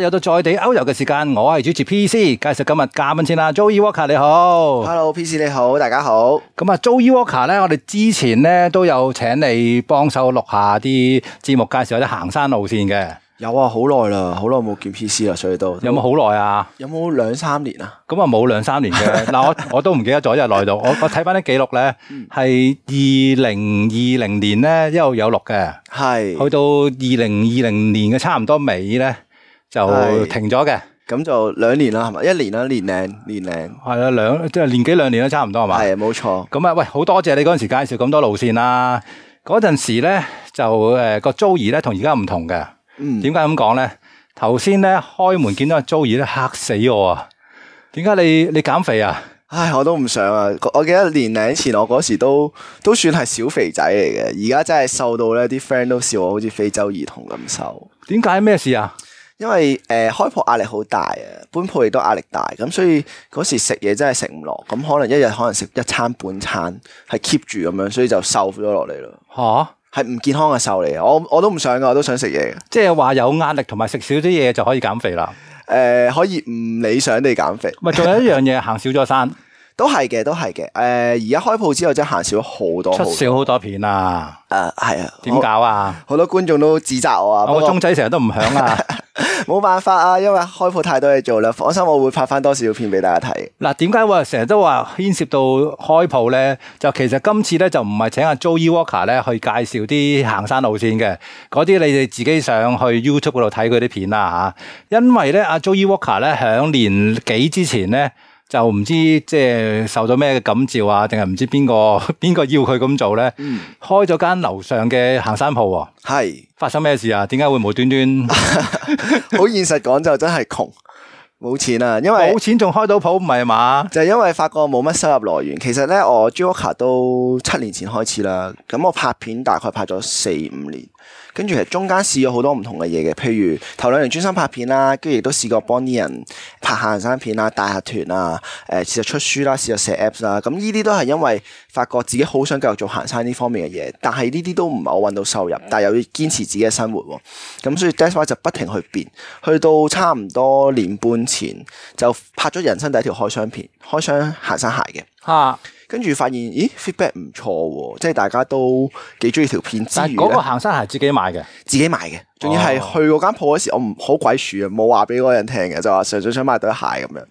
又到在地 Out 遊嘅時間，我係主持 PC，介紹今日嘉賓先啦，Joyee Walker 你好，Hello，PC 你好，大家好。咁啊，Joyee Walker 咧，我哋之前咧都有請你幫手錄下啲節目介紹或者行山路線嘅。有啊，好耐啦，好耐冇見 PC 啦，所以都有冇好耐啊？有冇兩三年啊？咁啊，冇兩三年嘅。嗱，我我都唔記得咗，即係耐到我我睇翻啲記錄咧，係二零二零年咧一路有錄嘅，係去到二零二零年嘅差唔多尾咧。就停咗嘅，咁就兩年啦，係咪？一年啦，年零年零，係啦，兩即係年幾兩年都差唔多，係嘛？係，冇錯。咁啊，喂，好多謝你嗰陣時介紹咁多路線啦，啊。嗰陣時咧就誒個 Joyee 咧同而家唔同嘅，嗯，點解咁講咧？頭先咧開門見到個 Joyee 咧嚇死我啊！點解你你減肥啊？唉，我都唔想啊！我記得年零前我嗰時都都算係小肥仔嚟嘅，而家真係瘦到咧啲 friend 都笑我好似非洲兒童咁瘦。點解咩事啊？因為誒、呃、開鋪壓力好大啊，搬鋪亦都壓力大，咁所以嗰時食嘢真係食唔落，咁可能一日可能食一餐半餐，係 keep 住咁樣，所以就瘦咗落嚟咯。吓、啊，係唔健康嘅瘦嚟啊！我我都唔想噶，我都想食嘢。即係話有壓力同埋食少啲嘢就可以減肥啦。誒、呃，可以唔理想地減肥。咪仲有一樣嘢 行少咗山，都係嘅，都係嘅。誒、呃，而家開鋪之後真係行少咗好多，出少好多片啊。誒，係啊。點搞啊？好多觀眾都指責我啊。我鐘仔成日都唔響啊。 冇辦法啊，因為開鋪太多嘢做啦。放心，我會拍翻多少片俾大家睇。嗱、啊，點解我成日都話牽涉到開鋪咧？就其實今次咧就唔係請阿 Joyee Walker 咧去介紹啲行山路線嘅，嗰啲你哋自己上去 YouTube 度睇佢啲片啦嚇、啊。因為咧阿、啊、Joyee Walker 咧喺年幾之前咧。就唔知即係受咗咩嘅感召啊，定係唔知邊個邊個要佢咁做咧？嗯，開咗間樓上嘅行山鋪、啊，係是發生咩事啊？點解會無端端？ 好現實講就真係窮。冇錢啊，因為冇錢仲開到鋪唔係嘛？就係因為發覺冇乜收入來源。其實咧，我 Joyee Walker 都七年前開始啦。咁我拍片大概拍咗四五年，跟住其實中間試咗好多唔同嘅嘢嘅，譬如頭兩年專心拍片啦，跟住亦都試過幫啲人拍行山片啦、帶下團啊、誒、呃、試出，出書啦、試下寫 Apps 啦。咁呢啲都係因為發覺自己好想繼續做行山呢方面嘅嘢，但係呢啲都唔係好揾到收入，但係又要堅持自己嘅生活喎。咁所以 Desire 就不停去變，去到差唔多年半前就拍咗人生第一條開箱片，開箱行山鞋嘅。啊跟住發現，咦，feedback 唔錯喎，即係大家都幾中意條片之餘，但嗰個行山鞋自己買嘅，自己買嘅，仲要係去嗰間鋪嗰時候，我唔好鬼鼠啊，冇話俾嗰個人聽嘅，就話純粹想買對鞋咁樣。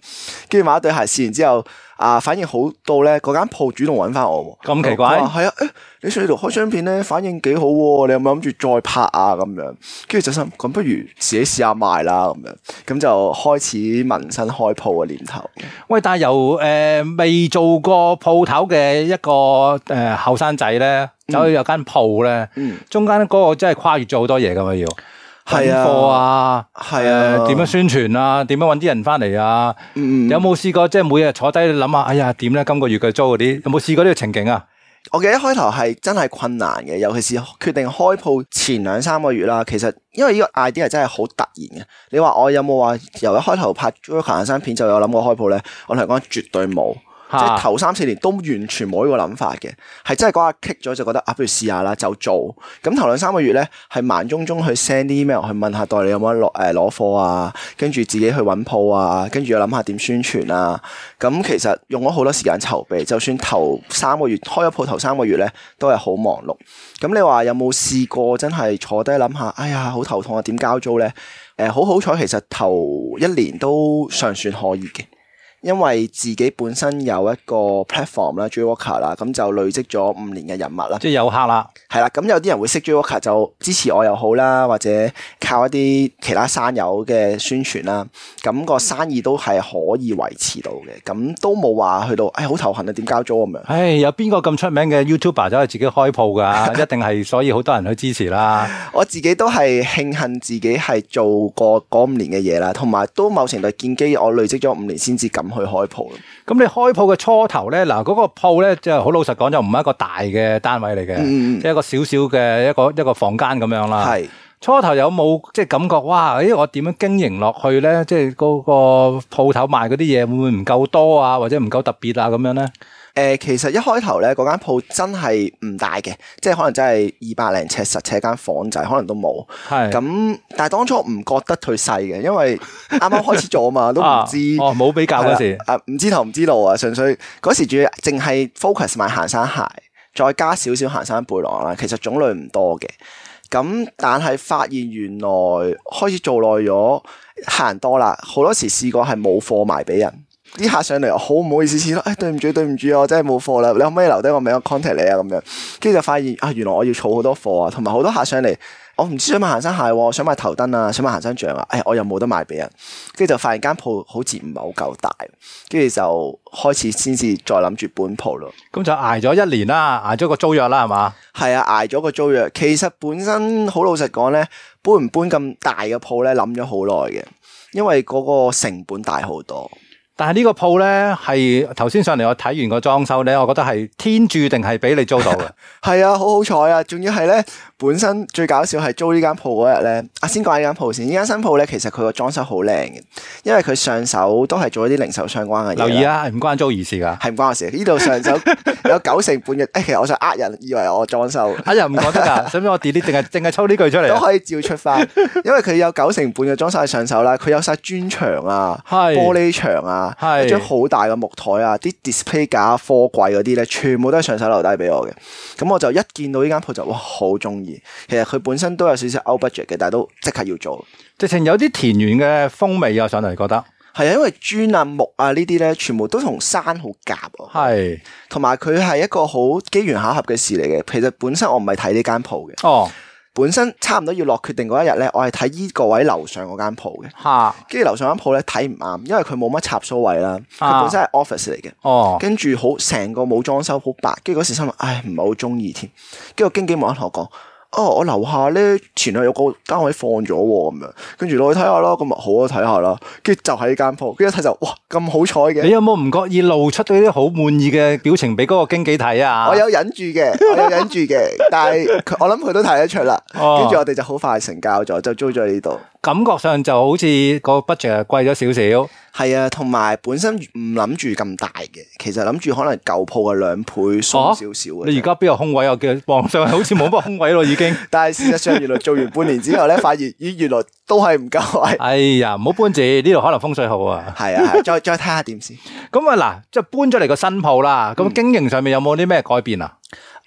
跟住買對鞋試完之後，啊，反應好到咧，嗰間鋪主動揾翻我，咁奇怪，係啊，誒、欸，你喺度開箱片咧，反應幾好喎，啊，你有冇諗住再拍啊？咁樣，跟住就諗，咁不如自己試下賣啦咁樣，咁就開始萌生開鋪嘅念頭。喂，但係由誒未、呃、做過鋪走嘅一個誒後生仔咧，走去有間鋪咧，嗯、中間嗰個真係跨越咗好多嘢噶嘛，要揾貨啊，係啊，點、啊呃、樣宣傳啊，點樣揾啲人翻嚟啊？嗯、有冇試過即係每日坐低諗下想想，哎呀點咧？今個月佢租嗰啲有冇試過呢個情景啊？我記得一開頭係真係困難嘅，尤其是決定開鋪前兩三個月啦。其實因為呢個 idea 真係好突然嘅。你話我有冇話由一開頭拍行山片就有諗過開鋪咧？我同你講，絕對冇。啊、即係頭三四年都完全冇呢個諗法嘅，係真係嗰下 kick 咗就覺得啊，不如試下啦，就做。咁頭兩三個月咧，係盲中中去 send 啲 email 去問下代理有冇得攞誒攞貨啊，跟住自己去揾鋪啊，跟住又諗下點宣傳啊。咁其實用咗好多時間籌備，就算頭三個月開咗鋪頭三個月咧，都係好忙碌。咁你話有冇試過真係坐低諗下想想，哎呀好頭痛啊，點交租咧？誒、呃，好好彩，其實頭一年都尚算可以嘅。因為自己本身有一個 platform 啦，Joyee Walker 啦，咁、er, 就累積咗五年嘅人物啦，即係有客啦，係啦，咁有啲人會識 Joyee Walker 就支持我又好啦，或者靠一啲其他山友嘅宣傳啦，咁、那個生意都係可以維持到嘅，咁都冇話去到，唉，好頭痕啊，點交租咁樣？唉，有邊個咁出名嘅 YouTuber 走去自己開鋪㗎？ 一定係所以好多人去支持啦。我自己都係慶幸自己係做過嗰五年嘅嘢啦，同埋都某程度見機，我累積咗五年先至咁。去開鋪咯，咁你開鋪嘅初頭咧，嗱、那、嗰個鋪咧，即係好老實講，就唔係一個大嘅單位嚟嘅，即係、嗯嗯、一個小小嘅一個一個房間咁樣啦。係是初頭有冇即係感覺哇？咦，我點樣經營落去咧？即係嗰個鋪頭賣嗰啲嘢會唔會唔夠多啊？或者唔夠特別啊？咁樣咧？誒、呃，其實一開頭咧，嗰間鋪真係唔大嘅，即係可能真係二百零尺實尺間房仔，可能都冇。係是的。咁但係當初唔覺得佢細嘅，因為啱啱開始做啊嘛，都唔知哦冇比較嗰時，誒唔知頭唔知路 啊，純、哦啊、粹嗰時仲要淨係 focus 賣行山鞋，再加少少行山背囊啦，其實種類唔多嘅。咁但係發現原來開始做耐咗，行多啦，好多時試過係冇貨賣俾人。啲客上嚟，好唔好意思先啦。哎，對唔住，對唔住啊，我真係冇貨啦。你可唔可以留低個名，我 contact 你啊？咁樣，跟住就發現啊，原來我要儲好多貨啊，同埋好多客上嚟，我唔知想買行山鞋，啊，想買頭燈啊，想買行山杖啊。哎，我又冇得賣俾人，跟住就發現間鋪好似唔係好夠大，跟住就開始先至再諗住搬鋪咯。咁就挨咗一年啦，挨咗個租約啦，係嘛？係啊，挨咗個租約。其實本身好老實講咧，搬唔搬咁大嘅鋪咧，諗咗好耐嘅，因為嗰個成本大好多。但係呢個鋪咧，係頭先上嚟我睇完個裝修咧，我覺得係天注定係俾你租到嘅。係啊，好好彩啊，仲要係咧。本身最搞笑係租呢間鋪嗰日咧，啊先講呢間鋪先。呢間新鋪咧，其實佢個裝修好靚嘅，因為佢上手都係做一啲零售相關嘅嘢。留意啊，唔關租事噶，係唔關我事。呢度上手有九成半嘅，誒、 哎，其實我想呃人，以為我裝修。啊人唔講得㗎，使唔使我 delete 係抽呢句出嚟都可以照出翻，因為佢有九成半嘅裝修係上手啦。佢有晒磚牆啊， 玻璃牆啊， 張好大嘅木台啊，啲 display 架貨櫃嗰啲咧，全部都係上手留低俾我嘅。咁我就一見到呢間鋪就哇，好中意。其實佢本身都有少少 out budget 嘅，但係都即刻要做。直情有啲田園嘅風味又上嚟，覺得係啊，因為磚啊木啊呢啲咧，全部都同山好夾啊。係，同埋佢係一個好機緣巧合嘅事嚟嘅。其實本身我唔係睇呢間鋪嘅哦，本身差唔多要落決定嗰一日咧，我係睇依個位樓上嗰間鋪嘅吓，跟住樓上間鋪咧睇唔啱，因為佢冇乜插數位啦，佢本身係 office 嚟嘅哦，跟住好成個冇裝修，好白，跟住嗰時心諗唉唔係好中意添，跟住經紀冇得同我講。哦，我樓下咧前兩日有個單位放咗喎，咁樣跟住落去睇下咯，咁啊好啊，睇下啦，跟住就喺呢間鋪，跟住一睇就哇咁好彩嘅。你有冇唔覺意露出咗啲好滿意嘅表情俾嗰個經紀睇啊？我有忍住嘅， 我有忍住嘅，但係我諗佢都睇得出啦。跟住 我哋就好快就成交咗，就租咗呢度。感覺上就好似個 budget 係貴咗少少，係啊，同埋本身唔諗住咁大嘅，其實諗住可能舊鋪嘅兩倍少少、啊啊、你而家邊個空位啊？我望上去好似冇乜空位咯，已經。 但係事實上，原來做完半年之後咧，發現咦，原來都係唔夠位。哎呀，唔好搬字，呢度可能風水好啊。係 啊，啊，再再睇下點先。咁 啊嗱，即係搬咗嚟個新鋪啦。咁經營上面有冇啲咩改變啊？嗯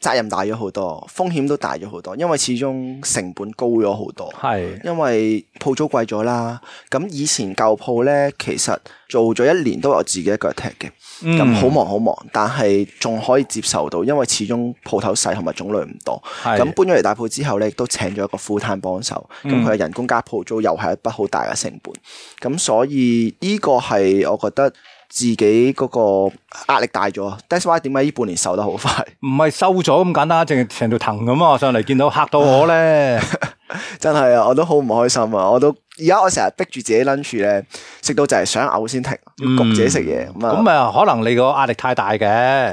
責任大咗好多，風險都大咗好多，因為始終成本高咗好多。係是，因為鋪租貴咗啦。咁以前舊鋪咧，其實做咗一年都有自己一腳踢嘅。咁好、嗯、忙好忙，但係仲可以接受到，因為始終鋪頭細同埋種類唔多。咁是搬咗嚟大鋪之後咧，亦都請咗一個 full time 幫手。咁佢嘅人工加鋪租又係一筆好大嘅成本。咁、嗯、所以呢個係我覺得。自己嗰個壓力大咗啊 That's why 點解呢半年瘦得好快？唔係瘦咗咁簡單，淨係成條藤咁啊上嚟，見到嚇到我咧， 真係啊，我都好唔開心啊，我都。而家我成日逼住自己 lunch 咧，食到就係想嘔先停，焗自己食嘢。咁啊、嗯嗯，可能你個壓力太大嘅，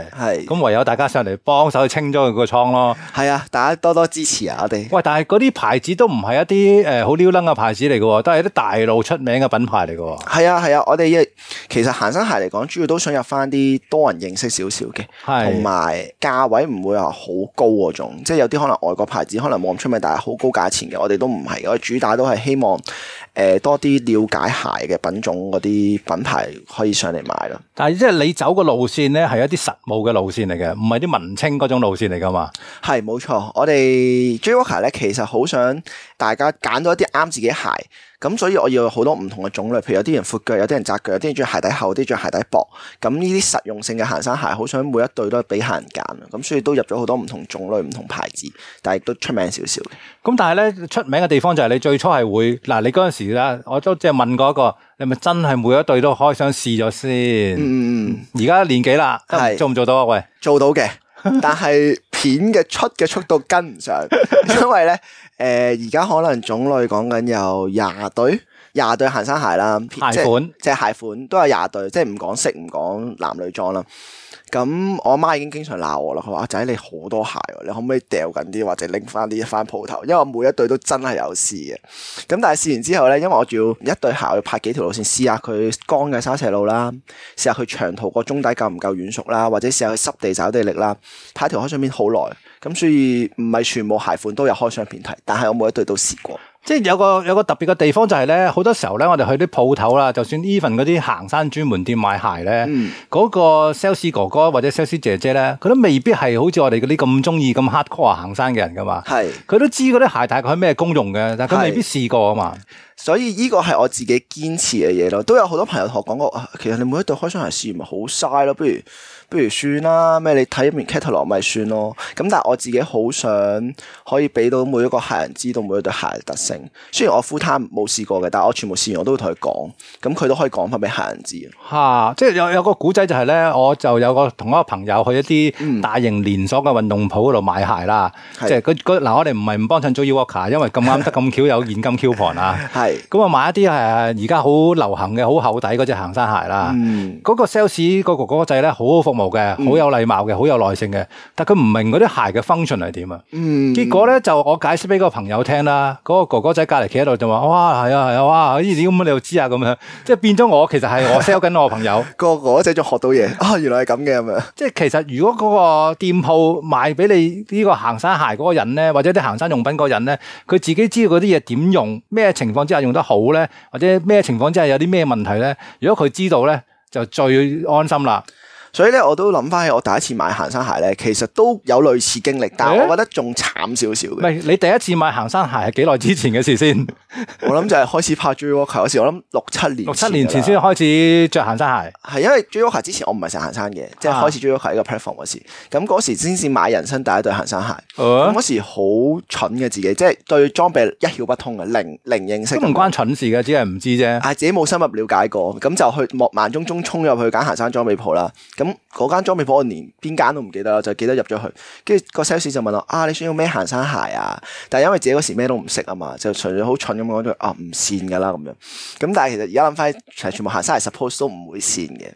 係咁的唯有大家上嚟幫手清咗佢個倉咯。係啊，大家多多支持啊！我哋喂，但係嗰啲牌子,都唔係一啲誒好僆,嘅牌子嚟嘅，都係啲大路出名嘅品牌嚟嘅。係啊係啊，我哋一其實行山鞋嚟講，主要都想入翻啲多人認識少少嘅，同埋價位唔會話好高嗰種。即係有啲可能外國牌子可能冇咁出名，但係好高價錢嘅，我哋都唔係。我主打都係希望。誒，多啲了解鞋嘅品種嗰啲品牌，可以上嚟買咯。但係即係你走個路線咧，係一啲實務嘅路線嚟嘅，唔係啲文青嗰種路線嚟噶嘛？係冇錯，我哋 Joyee Walker 咧，其實好想大家揀到一啲啱自己鞋。咁所以我要好多唔同嘅種類，譬如有啲人闊腳，有啲人窄腳，有啲人着鞋底厚，有啲着鞋底薄。咁呢啲實用性嘅行山鞋，好想每一對都俾客人揀。咁所以都入咗好多唔同種類、唔同牌子，但係都出名少少。咁、嗯、但係咧，出名嘅地方就係你最初係會。嗱，你嗰陣時啦，我都即係問嗰個，你咪真係每一對都可以想試咗先？嗯嗯。而家年紀啦，是做唔做到啊？喂，做到嘅。 但係片嘅出嘅速度跟唔上，因為咧，誒而家可能種類講緊有廿對廿對行山鞋啦，鞋款即係鞋款都有廿對，即係唔講色唔講男女裝啦。咁我阿媽已經經常鬧我啦，佢話，仔你好多鞋，你可唔可以掉緊啲或者拎翻啲翻鋪頭？因為我每一對都真係有試嘅。咁但係試完之後咧，因為我仲要一對鞋要拍幾條路線試下佢乾嘅砂石路啦，試下佢長途個中底夠唔夠軟熟啦，或者試下佢濕地走地力啦，拍條開箱片好耐。咁所以唔係全部鞋款都有開箱片睇，但係我每一對都試過。即係有個有個特別嘅地方就係、是、咧，好多時候咧，我哋去啲鋪頭啦，就算 even 嗰啲行山專門店買鞋咧，嗰、嗯、個 sales 哥哥或者 sales 姐姐咧，佢都未必係好似我哋嗰啲咁中意咁 hard core 行山嘅人噶嘛。係是，佢都知嗰啲鞋大概係咩功用嘅，但係佢未必試過啊嘛。所以呢個係我自己堅持嘅嘢咯，都有好多朋友同我講過、啊，其實你每一對開箱鞋試唔係咪好嘥咯，不如不如算啦，咩你睇完 catalog 咪算咯。咁但係我自己好想可以俾到每一個客人知道每一對鞋嘅特性。雖然我 fulltime 冇試過嘅，但係我全部試完我都會同佢講，咁佢都可以講翻俾客人知。嚇、啊，即係有有個古仔就係、是、咧，我就有個同一個朋友去一啲大型連鎖嘅運動鋪嗰度買鞋啦，嗯、即係嗱我哋唔係唔幫襯 Joyee Walker，因為咁啱得咁巧有現金 coupon 啊。 咁啊，買一啲係而家好流行嘅好厚底嗰隻行山鞋啦。嗰、嗯、個 sales 個哥哥仔咧，好好服務嘅，好、嗯、有禮貌嘅，好有耐性嘅。但佢唔明嗰啲鞋嘅 function 係點啊？嗯、結果咧就我解釋俾個朋友聽啦。嗰、嗰個哥哥仔隔離企喺度就話，哇，係啊係啊，哇，呢啲咁啊，你又知啊咁樣。即係變咗我其實係我 sell 緊我朋友，個哥仔仲學到嘢。啊，原來係咁嘅咁樣。即係其實如果嗰個店鋪賣俾你呢個行山鞋嗰個人咧，或者啲行山用品嗰人咧，佢自己知道嗰啲嘢點用，咩情況之下？用得好咧，或者咩情況真係有啲咩問題咧？如果佢知道咧，就最安心啦。所以咧，我都諗翻起我第一次買行山鞋咧，其實都有類似經歷，但係我覺得仲慘少少嘅。係你第一次買行山鞋係幾耐之前嘅事先？ 我諗就係開始拍 Joyee Walker 嗰時，er, 我諗六七年、六七年前先開始着行山鞋。係因為 Joyee Walker 之前我唔係成行山嘅，啊、即係開始 Joyee Walker 一個 platform 嗰時，咁嗰時先至買人生第一對行山鞋。咁嗰、啊、時好蠢嘅自己，即係對裝備一竅不通嘅，零零認識都唔關蠢事嘅，只係唔知啫。係自己冇深入了解過，咁就去莫盲中中衝入去揀行山裝備鋪啦。咁嗰、嗯、間裝備鋪，我連邊間都唔記得啦，就記得入咗去，跟住個 sales 就問我：啊，你想要咩行山鞋啊？但係因為自己嗰時咩都唔識啊嘛，就純粹好蠢咁講咗，啊，唔跣㗎喇咁樣。咁但係其實而家諗翻，其實全部行山鞋 suppose 都唔會跣嘅。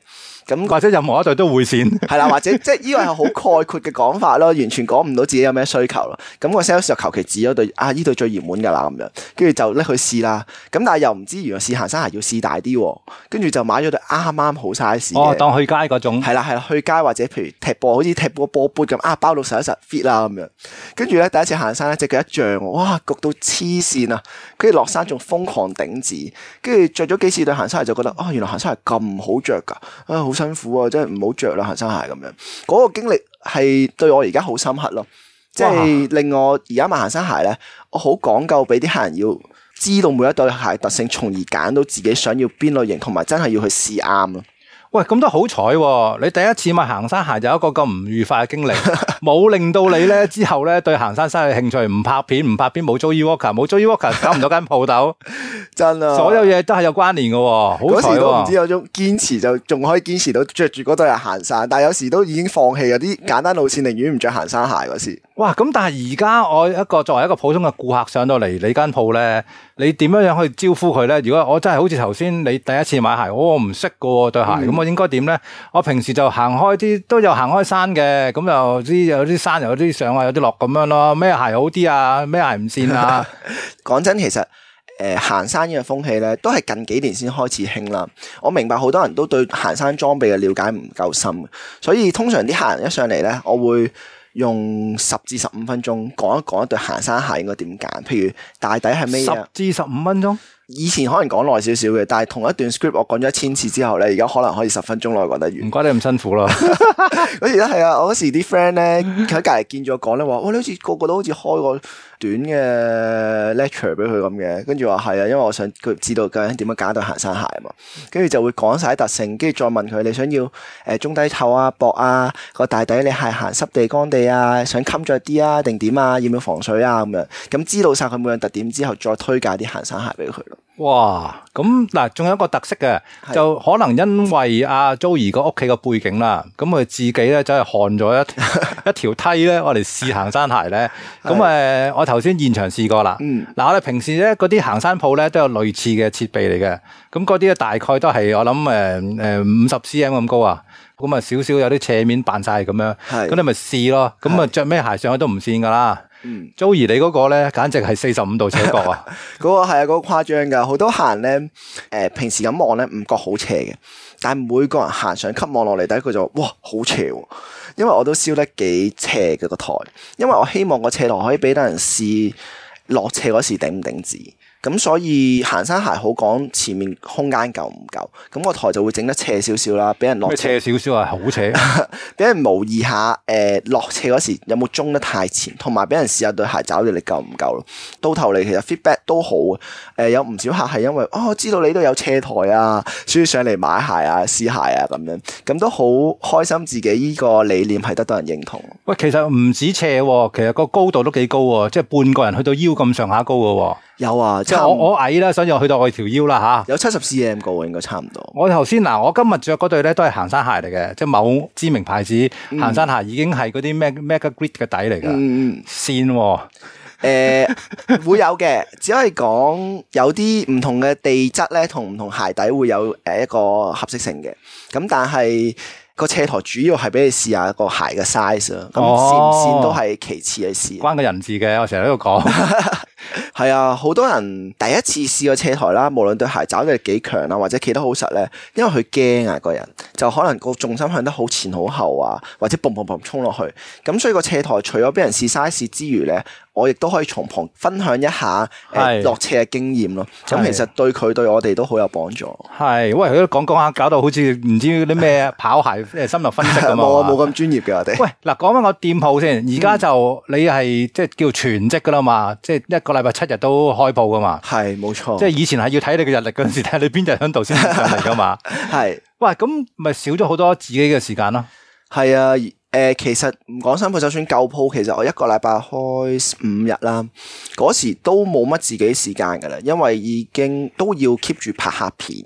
咁那或者任何一對都會先，係啦，或者即係依個係好概括嘅講法咯，完全講唔到自己有咩需求咯。咁、嗰個 sales 就求其指咗對，啊依對最熱門㗎啦咁樣，跟住就拎去試啦。咁但係又唔知原來試行山鞋要試大啲，跟住就買咗對啱啱好 size、哦、當去街嗰種係啦，係、嗯去，啊啊、去街或者譬如踢波，好似踢波波杯咁啊，包到實一實 fit 啦咁樣。跟住咧第一次行山咧，隻腳一脹，哇焗到黐線啊！跟住落山仲瘋狂頂趾，跟住着咗幾次對行山鞋就覺得啊，原來行山鞋咁好着㗎、啊啊啊啊啊啊啊啊辛苦啊，真係唔好着啦，行山鞋咁樣，嗰個經歷係對我而家好深刻咯，即係令我而家賣行山鞋咧，我好講究俾啲客人要知道每一對鞋特性，從而揀到自己想要邊類型，同埋真係要去試啱咯。 喂，咁都好彩，你第一次買行山鞋就有一個咁唔愉快嘅經歷，冇令到你咧之後咧對行山失去興趣，唔拍片唔拍片，冇做 Joyee Walker 冇做 Joyee Walker，搞唔到間鋪頭， 真的啊！所有嘢都係有關聯嘅，好彩，時都唔知有種堅持就仲可以堅持到着住嗰對鞋行山，但係有時都已經放棄嗰啲簡單路線，寧願唔着行山鞋嗰時。哇！咁但係而家我一個作為一個普通嘅顧客上到嚟你間鋪咧，你點樣樣去招呼佢咧？如果我真係好似頭先你第一次買鞋，我唔識㗎對鞋，咁、嗯、我應該點咧？我平時就行開啲，都有行開山嘅，咁又啲有啲山，有啲上有有啊，有啲落咁樣咯。咩鞋好啲啊？咩鞋唔善啊？講真，其實誒、呃、行山依個風氣咧，都係近幾年先開始興啦。我明白好多人都對行山裝備嘅了解唔夠深，所以通常啲客人一上嚟咧，我會。用十至十五分鐘講一講一對行山鞋應該點揀，譬如大底係咩？十至十五分鐘。以前可能講耐少少嘅，但係同一段 script 我講咗一千次之後咧，而家可能可以十分鐘內講得完。唔怪你咁辛苦咯。嗰時咧，係啊，我嗰時啲 friend 咧喺隔籬見咗我講咧，話，哇，你好似個個都好似開個短嘅 lecture 俾佢咁嘅。跟住話，係啊，因為我想佢知道究竟點樣揀對行山鞋嘛。跟住就會講晒特性，跟住再問佢你想要誒中底透啊薄啊、那個大底你係行濕地乾地啊，想襟着啲啊定點啊，啊要唔要防水啊咁樣。咁知道晒佢每樣特點之後，再推介啲行山鞋俾佢咯。哇，咁嗱，仲有一個特色嘅，的就可能因為阿 Joyee 個屋企個背景啦，咁佢的自己咧就係焊咗一 一條梯咧，我嚟試行山鞋咧。咁誒的，我頭先現場試過啦。嗱、嗯，我哋平時咧嗰啲行山鋪咧都有類似嘅設備嚟嘅。咁嗰啲咧大概都係我諗誒誒五十 cm 咁高啊。咁啊少少有啲斜面扮晒咁樣，咁你咪試咯。咁啊着咩鞋上去都唔算噶啦。嗯，Joyee、mm hmm. 你嗰個咧，簡直係四十五度斜角 啊！嗰、那個係啊，嗰個誇張噶，好多客人咧，誒，平時咁望咧，唔覺好斜嘅，但係每個人行上級望落嚟，第一句就話哇，好斜，因為我都燒得幾斜嘅個台，因為我希望個斜台可以俾得人試落斜嗰時頂唔頂住。咁所以行山鞋好講前面空間夠唔夠，咁、那個台就會整得斜少少啦，俾人落斜少少係好斜、啊，俾 人模擬下誒、呃、落斜嗰時有冇舂得太前，同埋俾人試下對鞋抓力力夠唔夠咯。到頭嚟其實 feedback 都好誒、呃、有唔少客係因為哦知道你都有斜台啊，所以上嚟買鞋啊、試鞋啊咁樣，咁都好開心自己依個理念係得到人認同。喂、哦，其實唔止斜，其實個高度都幾高、哦，即係半個人去到腰咁上下高嘅、哦。有啊。即係我我矮啦，所以我去到我條腰啦吓，有七十 cm 高，應該差唔多。我頭先嗱，我今日着嗰對咧都係行山鞋嚟嘅，即係某知名牌子、嗯、行山鞋，已經係嗰啲咩咩 Megagrip 嘅底嚟噶，線誒會有嘅， 只可以講有啲唔同嘅地質咧，同唔同鞋底會有誒一個合適性嘅。咁但係個斜台主要係俾你試下個鞋嘅 size 啦，咁線唔線都係其次嘅事，關個人字嘅。我成日喺度講。係啊，好多人第一次試過斜台啦，無論對鞋抓地力幾強啊，或者企得好實咧，因為佢驚啊，個人就可能個重心向得好前好後啊，或者嘭嘭嘭沖落去，咁所以個斜台除咗俾人試 size 之餘咧，我亦都可以從旁分享一下落斜嘅經驗咯。咁是其實對佢是對我哋都好有幫助。係，喂，都講講下，搞到好似唔知啲咩跑鞋即係深入分析咁冇冇咁專業嘅我哋。喂，嗱，講翻個店鋪先，而家就你係即係叫全職噶啦嘛，即係、嗯、一個。禮拜七日都開鋪噶嘛？係，冇錯。即係以前係要睇你嘅日曆嗰陣時，睇 你邊日響度先嚟噶嘛？係。哇，咁咪少咗好多自己嘅時間咯。係啊，誒、呃，其實唔講新鋪就算舊鋪，其實我一個禮拜開五日啦，嗰時都冇乜自己時間噶啦，因為已經都要 keep 住拍下片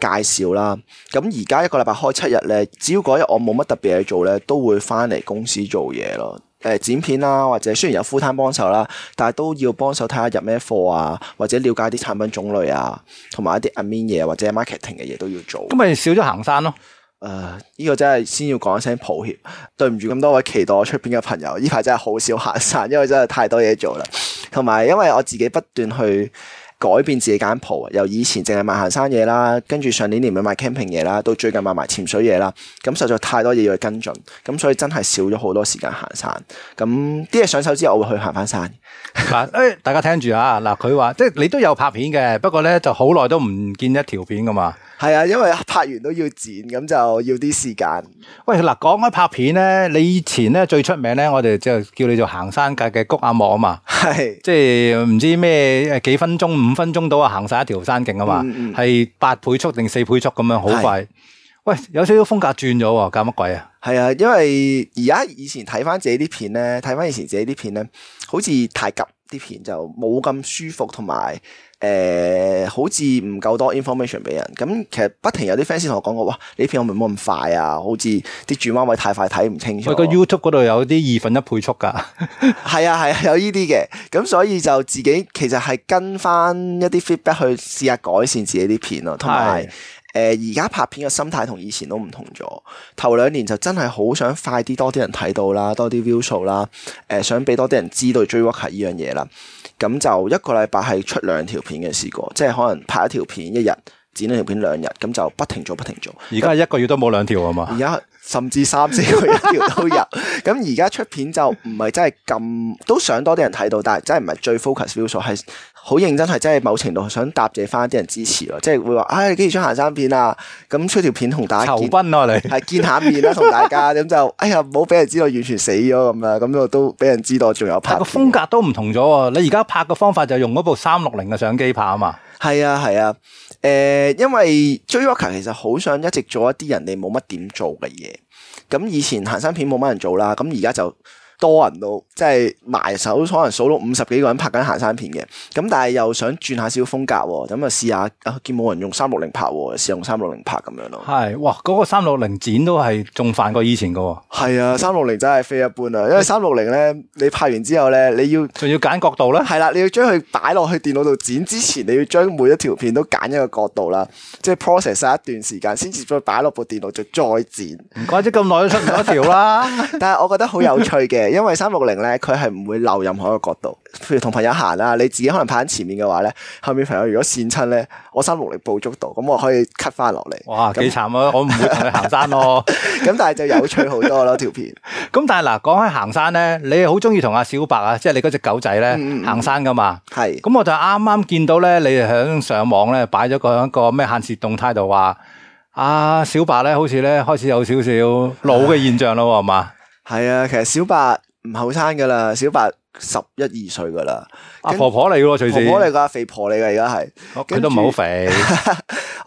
介紹啦。咁而家一個禮拜開七日咧，只要嗰日我冇乜特別嘢做咧，都會翻嚟公司做嘢咯。誒剪片啦，或者雖然有 fulltime 幫手啦，但係都要幫手睇下入咩貨啊，或者了解啲產品種類啊，同埋一啲 admin 嘢或者 marketing 嘅嘢都要做。咁咪少咗行山咯？誒、呃，依、呢個真係先要講一聲抱歉，對唔住咁多位期待我出片嘅朋友，呢排真係好少行山，因為真係太多嘢做啦，同埋因為我自己不斷去改變自己間鋪，由以前淨係賣行山嘢啦，跟住上年年尾賣 camping 嘢啦，到最近賣埋潛水嘢啦，咁實在太多嘢要去跟進，咁所以真係少咗好多時間行山。咁啲嘢上手之後，我會去行翻山。嗱，誒大家聽住啊！嗱，佢話即係你都有拍片嘅，不過咧就好耐都唔見一條片㗎嘛。係啊，因為拍完都要剪，咁就要啲時間。喂，嗱，講開拍片咧，你以前咧最出名咧，我哋就叫你做行山界嘅谷阿莫啊嘛，係是，即係唔知咩幾分鐘、五分鐘到啊，行晒一條山徑啊嘛，係八、嗯嗯、倍速定四倍速咁樣好快。是喂，有少少風格轉咗，搞乜鬼啊？係啊，因為而家以前睇翻自己啲片咧，睇翻以前自己啲片咧，好似太急啲片就冇咁舒服同埋。誒、呃，好似唔夠多 information 俾 人，咁其實不停有啲 fans 同我講過，哇，你片有冇咁快啊？好似啲轉彎位太快睇唔清楚。喂，個 YouTube 度有啲二分一倍速噶？係啊係啊，有呢啲嘅，咁所以就自己其實係跟翻一啲 feedback 去試下改善自己啲片咯，同埋誒而家拍片嘅心態同以前都唔同咗。頭兩年就真係好想快啲多啲人睇到啦，多啲 view 數啦，誒、呃、想俾多啲人知道追 Walker 呢樣嘢啦。咁就一個禮拜係出兩條片嘅試過，即係可能拍一條片一日。剪呢條片兩日，咁就不停做不停做。而家一個月都冇兩條啊嘛！而家甚至三四個月一條 都有。咁而家出片就唔係真係咁，都想多啲人睇到，但係真係唔係最 focus few 係好認真，係真係某程度想答謝翻啲人支持咯。即係會話：哎，你幾時出行山片啊？咁出條片同大家仇兵我嚟，係、啊、見下面啦，同大家咁 就哎呀，唔好俾人知道完全死咗咁啦。咁我都俾人知道仲有拍。個風格都唔同咗。你而家拍個方法就用嗰部三六零嘅相機拍啊嘛。係啊，係啊。 誒，因為 Joyee 其實好想一直做一啲人哋冇乜點做嘅嘢，咁以前行山片冇乜人做啦，咁而家就。多人都即係埋手，可能數到五十幾個人拍緊行山片嘅。咁但係又想轉下少少風格，咁啊試下啊見冇人用三六零拍，試用三六零拍咁樣咯。係哇，嗰、那個三六零剪都係仲煩過以前嘅。係啊，三六零真係非一般啊！因為三六零咧，你拍完之後咧，你要仲要揀角度啦。係啦、啊，你要將佢擺落去電腦度剪之前，你要將每一條片都揀一個角度啦，即係 process 曬一段時間，先至再擺落部電腦就再剪。唔怪之咁耐都出唔到一條啦！ 但係我覺得好有趣嘅。 因為三六零咧，佢係唔會漏任何一個角度。譬如同朋友行啦，你自己可能跑喺前面嘅話咧，後面朋友如果跣親咧，我三六零捕捉到，咁我可以 cut 翻落嚟。哇，幾慘那啊！ 我唔會去行山咯、啊。咁 但係就有趣好多咯、啊，條片 咁但係嗱，講開行山咧，你好中意同阿小白啊，即係你嗰隻狗仔咧、嗯嗯、行山噶嘛？係是。咁我就啱啱見到咧，你響上網咧擺咗個一個咩限時動態度話，阿小白咧好似咧開始有少少老嘅現象咯，係嘛？係啊，其實小白唔後生噶啦，小白十一二歲噶啦，阿、啊、跟婆婆嚟噶，徐婆婆嚟噶，肥婆嚟噶，而家係，佢都唔係好肥。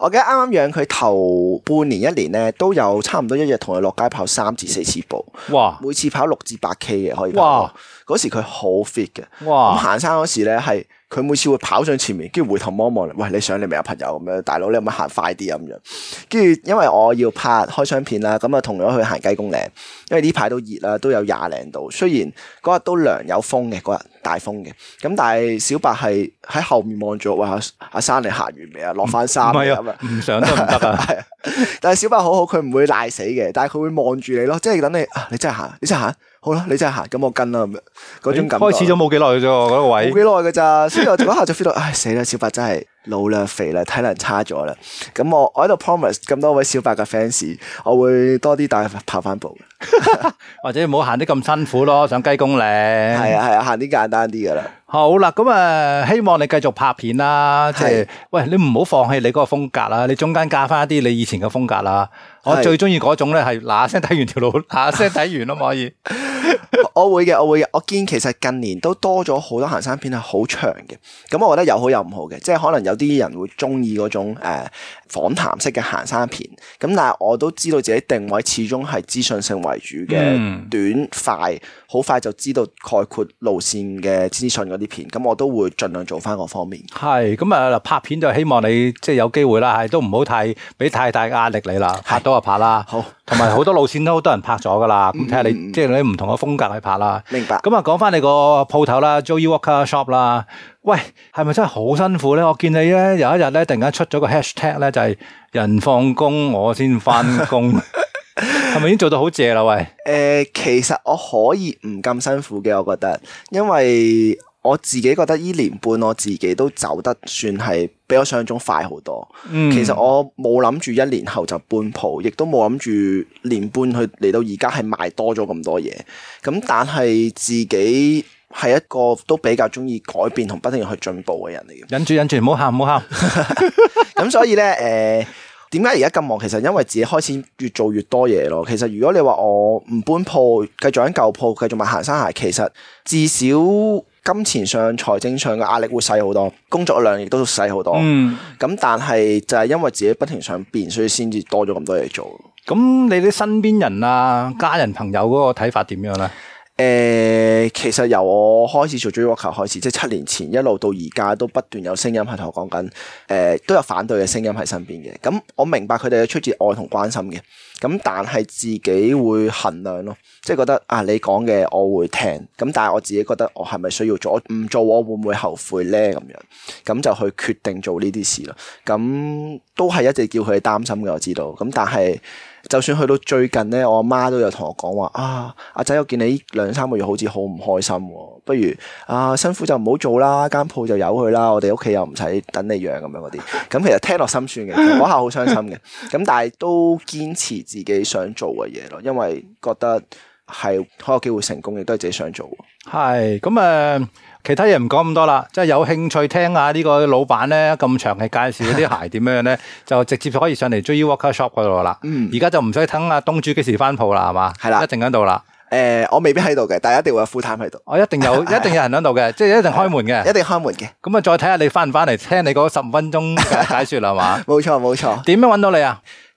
我記得啱啱養佢頭半年一年咧，都有差唔多一日同佢落街跑三至四次步，哇！每次跑六至八 K 嘅可以。哇嗰時佢好 fit 嘅，咁行哇山嗰時咧係佢每次會跑上前面，跟住回頭望望喂，你上嚟未啊朋友咁樣，大佬，你有冇行快啲啊咁樣，跟住因為我要拍開箱片啦，咁啊同咗去行雞公嶺，因為呢排都熱啦，都有廿零度，雖然嗰日都涼有風嘅，嗰日大風嘅，咁但係小白係喺後面望住，喂阿阿、啊、山你完行完未啊，落翻山？唔上得唔得但係小白好好，佢唔會賴死嘅，但係佢會望住你咯，即係等你、啊，你真係行，你真係行。好啦，你真係行，咁我跟啦咁樣嗰種感。開始咗冇幾耐啫，嗰、那個位冇幾耐噶咋，所以我一下就 feel 到，唉死啦！小白真係老啦、肥啦、體能差咗啦。咁我我喺度 promise 咁多位小白嘅 fans，我會多啲帶佢跑翻步， 或者唔好行啲咁辛苦咯，上雞公嶺係啊係啊，行啲、啊、簡單啲噶啦。 好啦，咁啊，希望你繼續拍片啦，即係是、就是、喂你唔好放棄你嗰個風格啦，你中間加翻一啲你以前嘅風格啦。是我最中意嗰種咧係嗱聲睇完條路，嗱聲睇完都可以。 我會嘅，我會嘅。我見其實近年都多咗好多行山片係好長嘅，咁我覺得有好有唔好嘅，即係可能有啲人會中意嗰種誒，Uh, 訪談式嘅行山片，咁但係我都知道自己定位始終係資訊性為主嘅，嗯、短快，好快就知道概括路綫嘅資訊嗰啲片，咁我都會盡量做翻嗰方面。係，咁啊拍片就希望你即係有機會啦，係都唔好太俾太大壓力你啦，拍到就拍啦。好，同埋好多路綫都好多人拍咗噶啦，咁睇下你即係、就是、你唔同嘅風格去拍啦。明白。咁啊，講翻你個鋪頭啦，Joyee Walker Shop 啦。喂，係咪真係好辛苦咧？我見你咧有一日咧突然間出咗個 hashtag 咧、就是，就係人放工我先返工，係咪 已經做到好謝啦？喂，誒，其實我，我可以唔咁辛苦嘅，我覺得，因為我自己覺得呢年半我自己都走得算係比我想象中快好多。嗯、其實我冇諗住一年後就搬鋪，亦都冇諗住年半去嚟到而家係賣多咗咁多嘢。咁但係自己係一個都比較中意改變同不停去進步嘅人嚟嘅，忍住忍住，唔好喊唔好喊。咁 所以咧，誒、呃，點解而家咁忙？其實因為自己開始越做越多嘢咯。其實如果你話我唔搬鋪，繼續喺舊鋪繼續賣行山鞋，其實至少金錢上、財政上嘅壓力會細好多，工作量亦都細好多。嗯，咁但係就係因為自己不停想變，所以先至多咗咁多嘢做。咁你啲身邊人啊、家人朋友嗰個睇法點樣咧？誒、呃，其實由我開始做 Joyee Walker 開始，即係七年前一路到而家，都不斷有聲音喺同我講緊，誒、呃，都有反對嘅聲音喺身邊嘅。咁我明白佢哋係出自愛同關心嘅。咁但係自己會衡量咯，即係覺得啊，你講嘅我會聽，咁但係我自己覺得我係咪需要做？唔做我會唔會後悔咧？咁樣咁就去決定做呢啲事咯。咁都係一直叫佢哋擔心嘅，我知道。咁但係。就算去到最近咧，我阿媽都有同我講話啊，阿仔我見你兩三個月好似好唔開心喎，不如啊辛苦就唔好做啦，間鋪就由佢啦，我哋屋企又唔使等你養咁樣嗰啲，咁其實聽落心酸嘅，嗰、那個、下好傷心嘅，咁但係都堅持自己想做嘅嘢咯，因為覺得係好有機會成功，亦都係自己想做。係咁誒。其他嘢唔講咁多啦，即係有興趣聽下呢個老闆咧咁詳細嘅介紹啲鞋點樣咧， 就直接就可以上嚟 Joyee Walker Shop 嗰度啦。Er、嗯，而家就唔使等阿東主幾時翻鋪啦，係嘛？係啦的，一定喺度啦。誒、呃，我未必喺度嘅，但係一定會有 full time 喺度。我、哦、一定有，一定有人喺度嘅， 即係一定開門嘅，一定開門嘅。咁啊，再睇下你翻唔翻嚟聽你嗰十五分鐘嘅解說係嘛？冇錯，冇錯。 點 錯樣揾到你啊？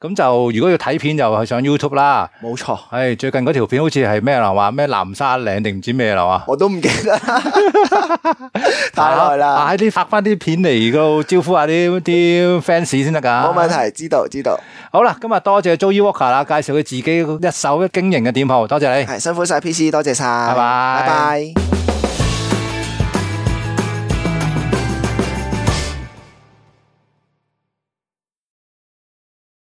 咁就如果要睇片就去上 YouTube 啦，冇沒錯。唉、哎，最近嗰條片好似係咩啦，話咩南沙嶺定唔知咩啦話，我都唔記得，太耐啦。快啲拍翻啲片嚟，個招呼下啲啲 fans 先得噶。冇 問題，知道知道。好啦，今日多謝 Joyee Walker 啦，介紹佢自己一手一經營嘅店鋪，多謝你。係辛苦晒 PC，多謝晒。拜拜。拜拜